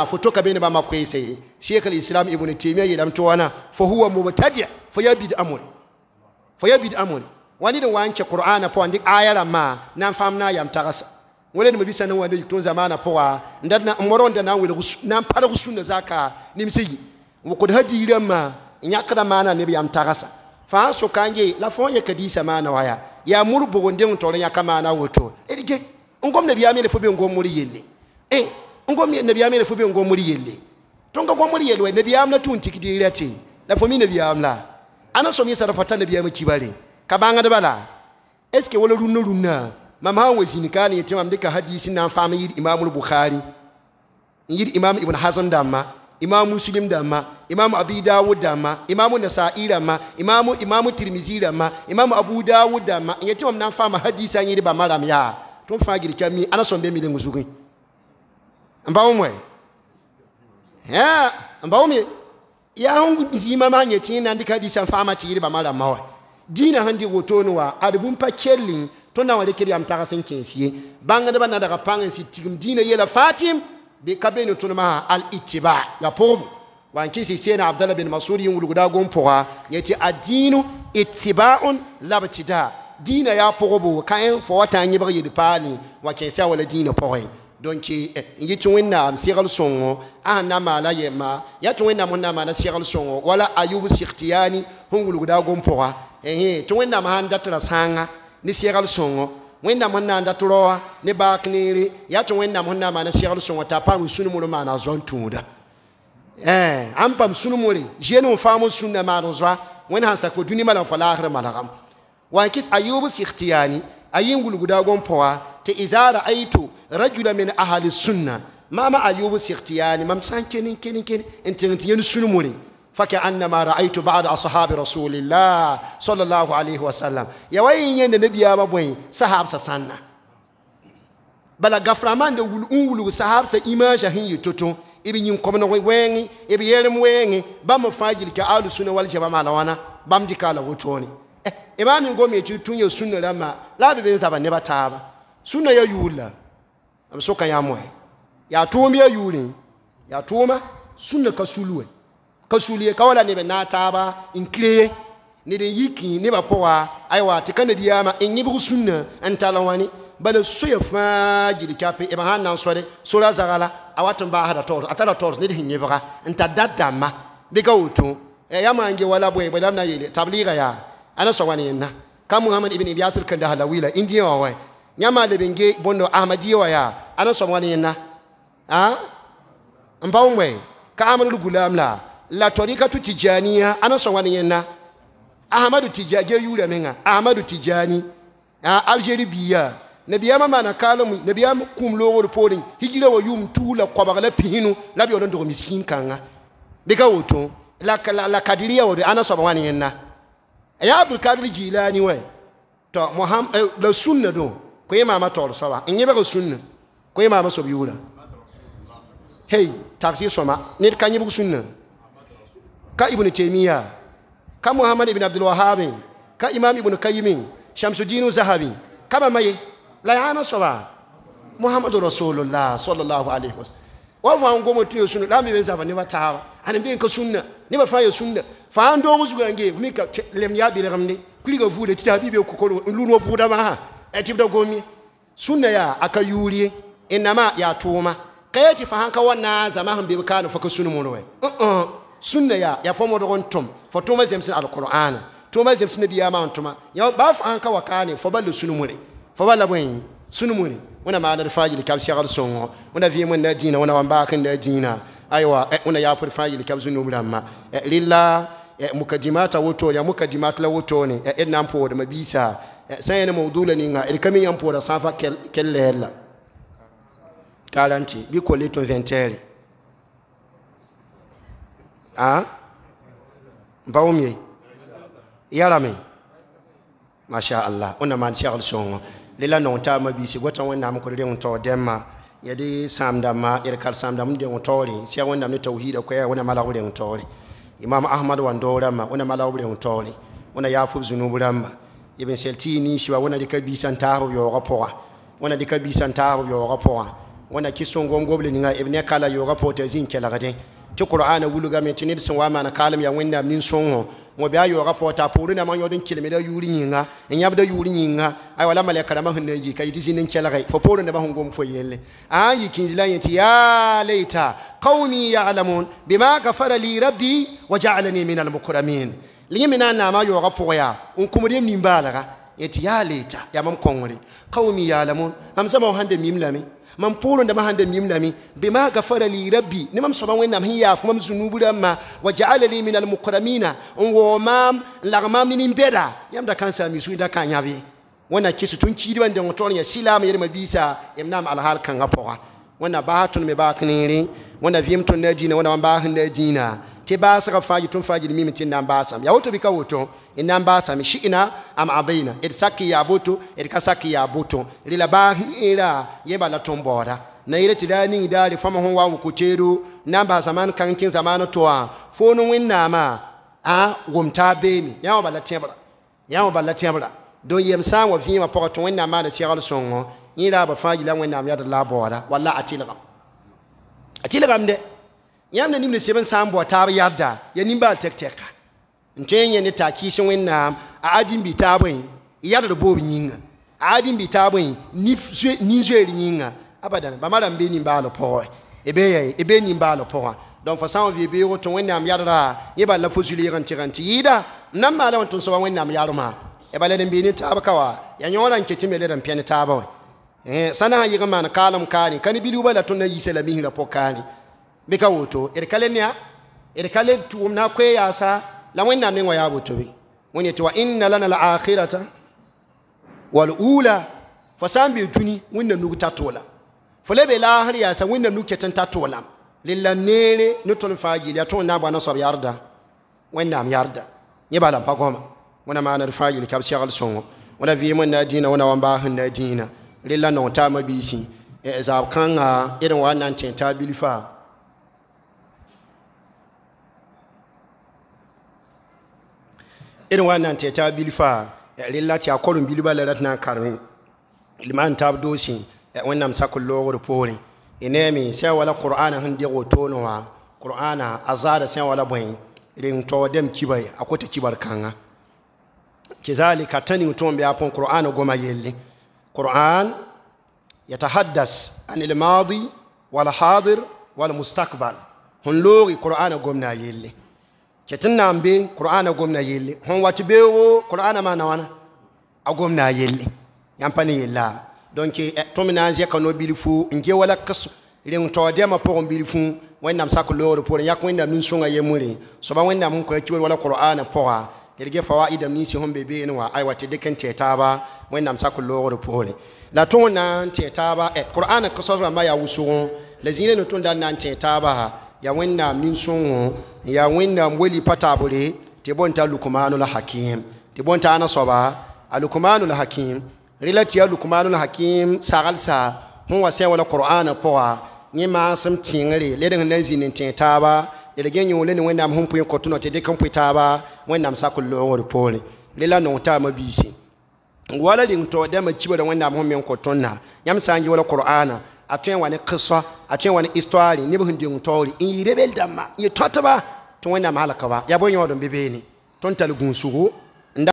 afutoka afoto kabene kwese Sheikh al-Islam Ibn Taymiyyah yadamtowana fa huwa mubtadi fa yabid amul fa yabid amul wani da wanke Qur'ana po andi ayala ma nan famna yam tagasa wala nabi sanan wanda yutun zamana poa ndanna moronda nan wil nan para sunna zaka nimsi wa qad hadira ma nyakra mana nabi yam tagasa fa so kanje la fonye kadisa mana waya ya murbo gonde mutoro nyaka mana woto ngomne ngom nabi yamele fobe ngom yelle eh ngomi na biyamire fubi muri yele tonga muri ngomuri yelle na biyamna tunti kidi te na fomi na biyamla ana somi sara fata na biyamma kibale kabanga de bala eske wala runo runa mama hawe zinikani yetima mdika hadisi na fami yiri imamul bukhari yiri imam ibn hazm damma imam muslim damma imam abi dawud damma imam nasa'i damma imam imam tirmizi damma imam abu dawud damma yetima na famu hadisi yiri ba maram ya tun fagir kami ana sombe mi lenguzugi mbawo ya mbawo ya hungu zima ma nye tin nan dika disan fama ba mala mawa dina handi wotonu wa adibumpa kelli tona na wale kiri amtaka sin banga da nadaka panga nsi tigum dina yela fatim bi tonu tunma al itiba ya pobu wa kisi sena abdala bin masuri yungu wuluguda gon poga yati adinu ittiba'un labtida dina ya pogo bo kayan fo yedipani nyi wa wala dina pogo donc yi eh, tũwẽnnaam segl sõngo asẽnna maala ah, yɛmba yaa tɩ wẽnnaam sẽnna maana segl sõngo wala ayub siktiyaani sẽn wilgda a gom pʋga tɩ wẽnnaam sãn dat ra sãnga ne segl sõngo wẽnnaam sẽn na n dat raoa ne baak neere yaa tɩ wẽnnaam sẽnna maana segl sõngo t'a paam sũnmr maana zoan tũuda ãn pam sũnmre zen n faam n sũnna maan zoa wẽnd sãn sak fo dũni malã n wa kis ayubu ayub siktiyaani a yɩn wilgda a ti izara aitu rajula min ahli sunna mama ayubu sikhtiyani mam san kenin kenin kenin intin tin sunumuri fake annama ra'aitu ba'da ashabi rasulillah sallallahu alaihi wasallam ya wayin yanda nabiya mabwai sahab sanna bala gaframan da wul unwulu imaja hin yitoto yin wengi ibi wengi bam fajil ka alu sunna wal jama'a lawana bam dikala wotoni eh imamin gomi tun ya sunna lama labi bin ba ne ba ta ba sunna ya yula am soka ya mwe ya tumi ya yuli ya tuma sunna kasulwe kasulie kawala ne na taba in clear ne de yiki ne ba powa aiwa te kana dia ma in yibu sunna an talawani bala suya fa jiri kape e ba hanan sore sura zagala awatun ba hada tor atala tor ne de hin yibra an ta dadda ma be gautu e ya mangi wala bwe bwe na yele tabliga ya ana sawani na kam muhammad ibn ibyasir kandahalawila indiya wa wai nyama lebenge bondo wa ya ana somwani na ha mbawmwe ka amalul gulam la la torika tu tijaniya ana somwani na ahmadu tijaje yule menga ahmadu tijani ha algeri biya mama nabiyama mana ne biya kum lo logor podin higile wa yum tula kwa bagala pihinu la biyo ndo miskin kanga bika woto la la, la kadiriya wodo ana somwani na ya abdul kadir jilani we to muhammad eh, la sunna do ko ye maama tɔgr soaba ko sunna sũnna ko ye maama sob yʋʋra hey tags yɩ sõma ned ka sunna ka ibn taimiya ka muhammad ibn abdul abdulwahabi ka imam ibn kayimi shamsudinu zahabi ka bãmba ye la yaana soaba mohamadu rasulullah sallallahu wa wasallam wa fa ngo mo tiyo sunna lambi ben zaba ne ba tawa an bin ka sunna ne ba fa ye sunna fa an do musu gange mi ka lem ya bi ramne kuli ga vude tita bibe ko ko luno buda ma da gomi suna ya aka yuri ina ma ya tuma yi tifa hanka wannan zama han bibi kanu faka suna mun we uh-uh. suna ya ya fomo da wani tom fo tuma zemsin alquran tuma zemsin biya ma wani tuma ya ba fa hanka wa wakane fa balu suna mun fa bala bwen suna mun wani ma na fajil kab sigal songo wani fiye mun na dina wani wamba kan da dina aiwa wani eh, ya fur fajil kab sunu mun ma eh, lilla eh, mukajimata woto ya mukadimata la woto ne ednan po da mabisa sẽn mawdula ni d ka mi yãmb pʋʋda sã fa kell la 40 bɩ kole tõe vẽntɛɛre a n pa wʋm ye yarame masha allah wẽnna maan segl sõngo lela nong taama biisi goatã wẽnnaam kd rẽng taoog dɛmma ya de sãamdãmba d kar sãamdãmb n dẽng taoore sɛg wẽnnaam ne tawhiida koɛɛ wẽna malg b rẽng taoore imam ahmad wan doo ma ona ona y ben sel tɩ ninsi wa wẽna dɩka biisã n taasb yaoogã pʋga wẽna dɩka biisã n taasb yaoogã pʋga wẽna kɩ sõngom goble kala yaoogã pʋg zin zĩn kelgdẽ tɩ qur'ana wuluga tɩ ned sẽn wa n maan kaalem yaa wẽnnaam nin-sõngo wã bɩ a yaoogã pʋg t'a pʋʋrẽ na ma yõod n kelmda yʋʋr yĩnga n yãbda yʋʋr yĩnga aywa la malɛka rãmbã sẽn na n yika yɩ tɩ zĩnd n kelge fo pʋʋrẽ dãmbã sẽn gom fo yelle ã n yik yĩndi la yẽ qaumi yalamun bima gafara li rabbi wa jaalani min almukramin linyemi na naama yooga pʋgẽ yaa n kũmd yem nimbaalga yẽ tɩ yaa leeta yaa mam kõngre qawmi yaalamun mam zãma sãn da mim lame mam pʋʋlendame sãn da mim lame bɩma gafara li rabbi ne mam soaba wẽnnaam sẽn yaaf mam zunubu rãmbã wa jaala li min almukramina n waoo maam n lag maam ne nimbɛda yãmb da ka n saam yusu da ka yãb ye wẽnna kɩs tun kiidbã n deng tɔr yã silaam yelma biisa yem naam alhaal kãngã pʋga wẽnna baasã tõnd me baak neere wẽnna vɩɩm tõnd na a diinã wẽnna wã baas n na a diinã kafaji tumfaji ni mimi tin nambasam ya woto bika woto in nambasam shi'ina am abaina et saki ya boto et kasaki ya boto lila bahi ila yeba la tombora na ile tidani idali fama hon wa kuteru namba zaman kan kin zamanu toa fonu win nama a gumta bemi yawo bala tebra yawo bala tebra do yem sa wa vima pokto win nama da sigal songo ila ba fajila win nama ya da labora walla atilgam atilgam de yam na nim ne seben san bo ta yada ya nimba tek teka ntenye ne ta kishin wenna a adin bi tabun yarda da bobi yinga a adin bi tabun ni ni jeri yinga abadan ba maram be nim ba lo po ebe ye ebe nim ba lo po don fa san vi be wo to wenna am yarda ye ba la fuzuli ran tiran ti yida nan ma la won tun so wenna am yarma e ba le den bi ni wa ya ke nyora nketi mele dan pian tabawa eh sana yi ga man kalam kani kan bi lu bala tun na yi salamihi ra po kani bika wuto irkalenia irkale na kwe sa, la mwenna nengwa ya bi mwenye tuwa inna lana la akhirata wal ula fasambi tuni winna nugu tatola folebe la har sa winna nuke ketan tatola lilla nere nutun faji ya ton na bana sab yarda wenna am yarda nye bala pa goma wana mana faji kab shagal songo wana vi mun na dina wana wamba hun na dina lilla n'o ta mabisi e kan kanga irin wannan tentabil fa irin wannan ta ta bilfa rilla a korun bilba da ratna karin liman ta dosi wannan sakul lowar pori ina mi sai wala qur'ana hin de gotono wa qur'ana azada sai wala boy rin to dem kibai akota kibar kanga kizalika tani mutum bi afon qur'ana goma ya qur'an yatahaddas an al madi wal hadir wal mustaqbal hun lori qur'ana gomna yelli. cetin na mbe qur'ana gomna yelle hon wati bewo qur'ana ma wana a gomna yelle yampani yella donc eh, tomina zia bili fu nge wala kasu rin tode ma pokon bilifu wanda msako loro pore yak wanda min sunga yemure so ba wanda mun ko kiwol wala qur'ana poa irge fawaida min si hon be enwa ai wati deken tetaba wanda msako loro pore la tona tetaba e eh, qur'ana kaso ma ya wusu lazina no tunda nan tetaba ya wẽnnaam min sunu ya yaa mweli patabule pa taabore tɩ bõn t'a hakim tɩ t'a ana soba a la hakim rilati ya lukumanu la hakim saglsa sẽn wa sẽn wala qur'ana pʋga yẽ ma tẽngre led sẽn na n zĩnd n tẽ taaba d le ni ne wẽnnaam sẽn pʋɩ n kõ tʋnɔ tɩ dɩk n pʋɩ taaba wẽnnaam sakl loogr poore no ta taamã biise wala rɩng to da ma wẽnnaam sẽn me n kõ tõnda yãmb sã wala qur'ana a atwen wani kiswa atwen wani histoire ne buhun dingu in yi rebel damma ye totaba tun wani mahalaka ba ya bonyo don bibeni ton talgun sugo